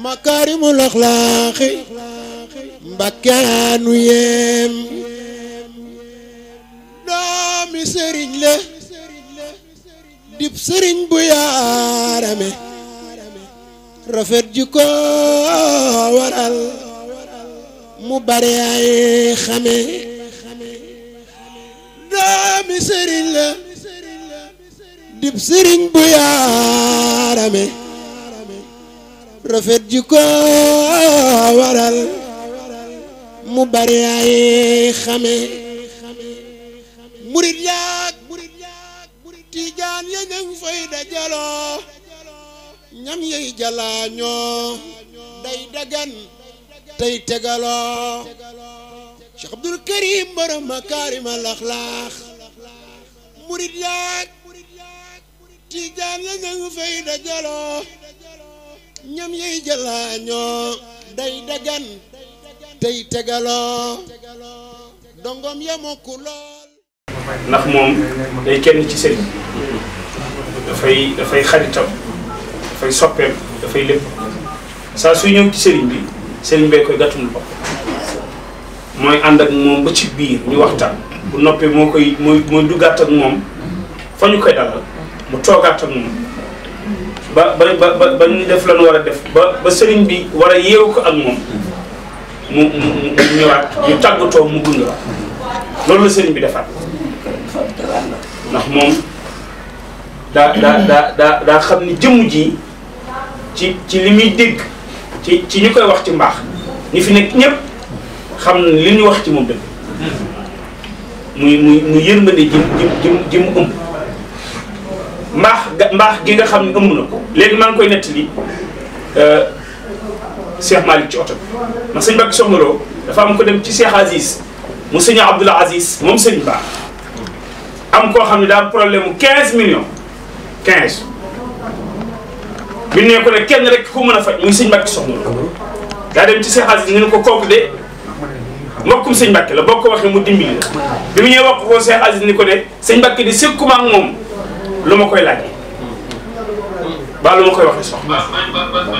makaarimul axlaaxi mbakkaanu yeem doomi sëriñ la dib sëriñ bu yaarame rafet ji ko waral mu bare ay xame doomi sëriñ la dib sëriñ bu yaarame rafet ji ko waral mu bari ay xame murit yaag tiijaan ya ñañ fay dajaloo ñam yey jalaañoo day dagan tey tegaloo Cheikh Abdul Karim borom makaarimal axlaax murit yaag tiijaan ya ñañ fay dajaloo ñam yey jëlaañoo day dagan tey tegaloo dongom ya mokk lool ndax moom day kenn ci sëriñ dafay dafay xaritam dafay soppeem dafay lépp saa suy ñëw ci sëriñ bi sëriñ bee koy gàttul bopp mooy ànd ak moom ba ci biir ñu waxtaan bu noppee moo koy mooy duggaat ak moom fa ñu koy dalal mu toogaat ak moom ba ba ba ba ñu def lan war a def ba ba sëriñ bi war a yeewu ko ak moom mu mu mu ñëwaat ñu tàggatoo mu gunge la loolu la sëriñ bi defaat ndax moom daa daa daa daa xam ni jëmm ji ci ci li muy dégg ci ci ñu koy wax ci mbaax ñi fi nekk ñépp xam li ñu wax ci moom dëgg muy muy mu yërmande ji ji ji mu mbaax mbaax gi nga xam ne ëmb na ko léegi maa ngi koy nettali euh, Cheikh Malick ci oto bi man sëñ Bakki Soxna dafa am ko dem ci Cheikh Aziz mu sëñ Abdoul Aziz moom sëñ Ba am koo xam ne daal problème mu 15 millions 15 bi ne ko kenn rek ku mën a faj muy sëñ Bakki Soxna Lo daa dem ci Cheikh Aziz ñu ne ko kooku de mbokkum sëñ Bakki la boo ko waxee mu dimbali la bi mu ñëwee wax ko Cheikh Aziz ni ko de sëñ Bakki di sëkkuma moom. lu ma koy laajee ba lu ma koy waxee soxla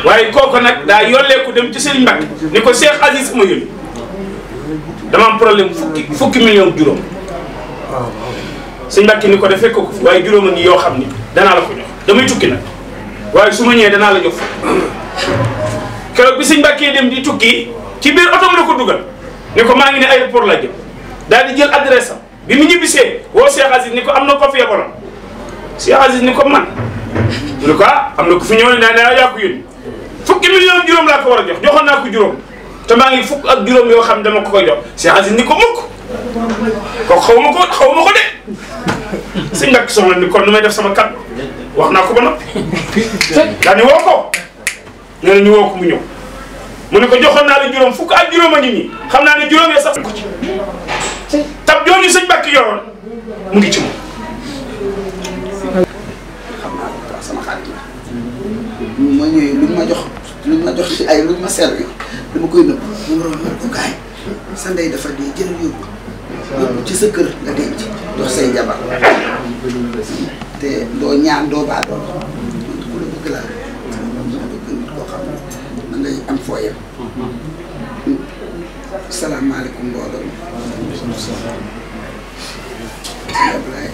waaye kooku nag daa yolleeku dem ci Serigne Mbacké ni ko Cheikh Aziz ma yónni dama am problème fukki fukki million juróom Serigne Mbacké ni ko defee ko fi waaye juróom a yoo xam ni danaa la ko jox damay tukki nag waaye su ma ñëwee danaa la jox keroog bi Serigne Mbacké dem di tukki ci biir oto la ko dugal ni ko maa ngi ne aéroport la jëm daal di jël adresse am bi mu ñibbisee woo Cheikh Aziz ni ko am na ko si Aziz ni ko man en tout cas am na ku fi ñëw ne daa daa yaa ko yónni fukki million juróom laa ko war a jox joxoon naa ko juróom te maa ngi fukk ak juróom yoo xam dama ko ko jox si Aziz ni ko mukk ko xaw ma ko xaw ma ko de si ñàkk soxla ni kon nu may def sama kat wax naa ko ba noppi daa ni woo ko nee na ñu woo ko mu ñëw mu ne ko joxoon naa la juróom fukk ak juróom a ngi nii xam naa ne juróom ya sax ko ci tab jooju sëñ Bakki yoroon mu ngi ci ci ay lu ma servi dama koy nëbb mu waroon mën ko sa ndey dafa dee jël yóbbu yóbbu ci sa kër nga denc dox say jabar te doo ñaan doo baa doon man ku la bëgg laa dama bëgg nit koo xam ne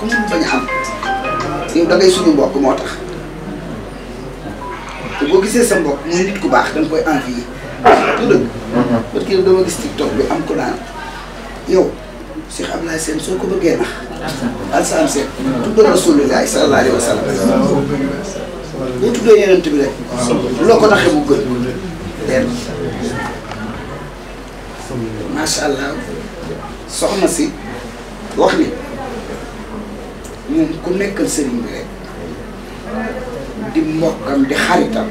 ku mënul bañ a am yow da suñu mbokk moo tax te boo gisee sa mbokk muy nit ku baax da nga koy envier tout dëgg mhm. parce dama gis TikTok bi am ko naan yow Cheikh Abdoulaye Sène soo ko bëggee nax alsaan seen mhm. tuddal Rasulullah sallallahu alayhi wa sallam boo tuddee yeneen bi rek loo ko naxee mu gën leen allah soxna si wax ni moom ku nekkal sëriñ bi rek di mbokkam di xaritam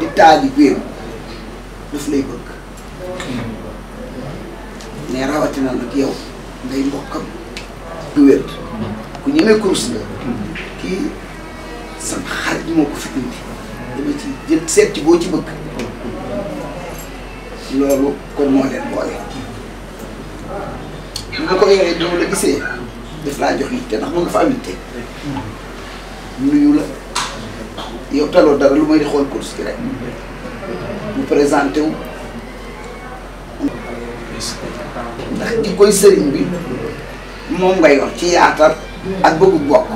di taalibeem daf lay bëgg ne rawatina nag yow ngay mbokkam du wér ku ñemee kurus la kii xarit moo ko fi indi dama ci jël seet ci boo ci bëgg loolu kon moo leen boole bu ko yoree doo la gisee daf laa jox yitte ndax mën na fa am yitte nuyu la yow taloo dara lu may xool course bi rek mu présenté ndax di koy sëriñ bi moom nga yor ci yaatal ak bëggu bokk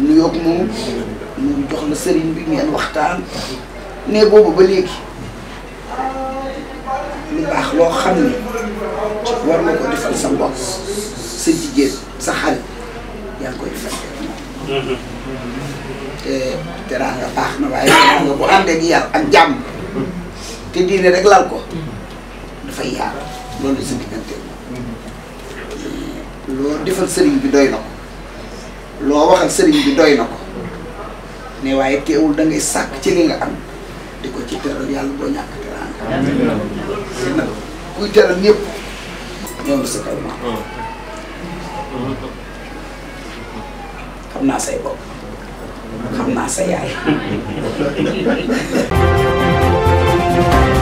nuyoo ak moom mu jox la sëriñ bi ngeen waxtaan ne boobu ba léegi lu baax loo xam ne war na ko defal sa mbokk sa jigéen sa xarit yaa ngi koy defal mm-hmm. te teraanga baax na waaye teraanga bu ànd ak yàlla ak jàmm te diine rek laal ko dafay yaar loolu sa diggante eh, loo defal sëriñ bi doy na loo waxal sëriñ bi doy na ko ne waaye teewul da ngay sàkk ci li nga am di ko ci teral yàlla boo ñàkk teraanga kuy teral ñëpp ñoo naa say bopp naa sa